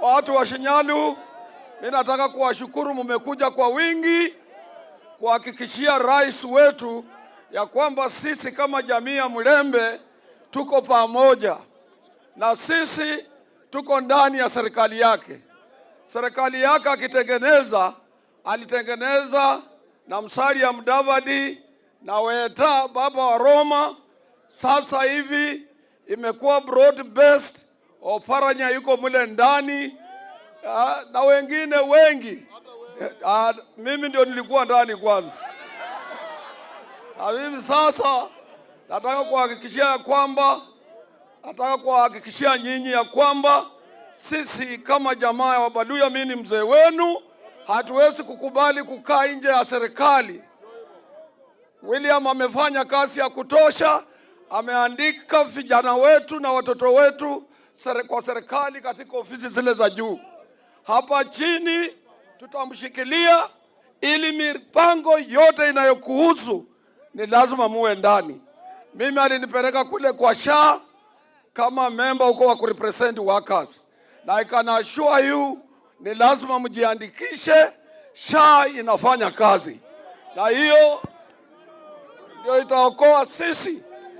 watu wa Shinyalu, mimi nataka kuwashukuru, mmekuja kwa wingi kuhakikishia rais wetu ya kwamba sisi kama jamii ya Mlembe tuko pamoja na sisi tuko ndani ya serikali yake. Serikali yake akitengeneza, alitengeneza na ya Mdavadi na Weta, baba wa Roma. Sasa hivi imekuwa broad based Oparanya yuko mule ndani ah, na wengine wengi. Ah, mimi ndio nilikuwa ndani kwanza. mimi sasa nataka kuhakikishia ya kwamba nataka kuhakikishia nyinyi ya kwamba sisi kama jamaa ya Wabaluya, mimi ni mzee wenu, hatuwezi kukubali kukaa nje ya serikali. William amefanya kazi ya kutosha, ameandika vijana wetu na watoto wetu kwa serikali katika ofisi zile za juu. Hapa chini tutamshikilia ili mipango yote inayokuhusu ni lazima muwe ndani. Mimi alinipeleka kule kwa sha kama memba huko wa kurepresent workers, na I can assure you ni lazima mjiandikishe. Sha inafanya kazi, na hiyo ndio itaokoa sisi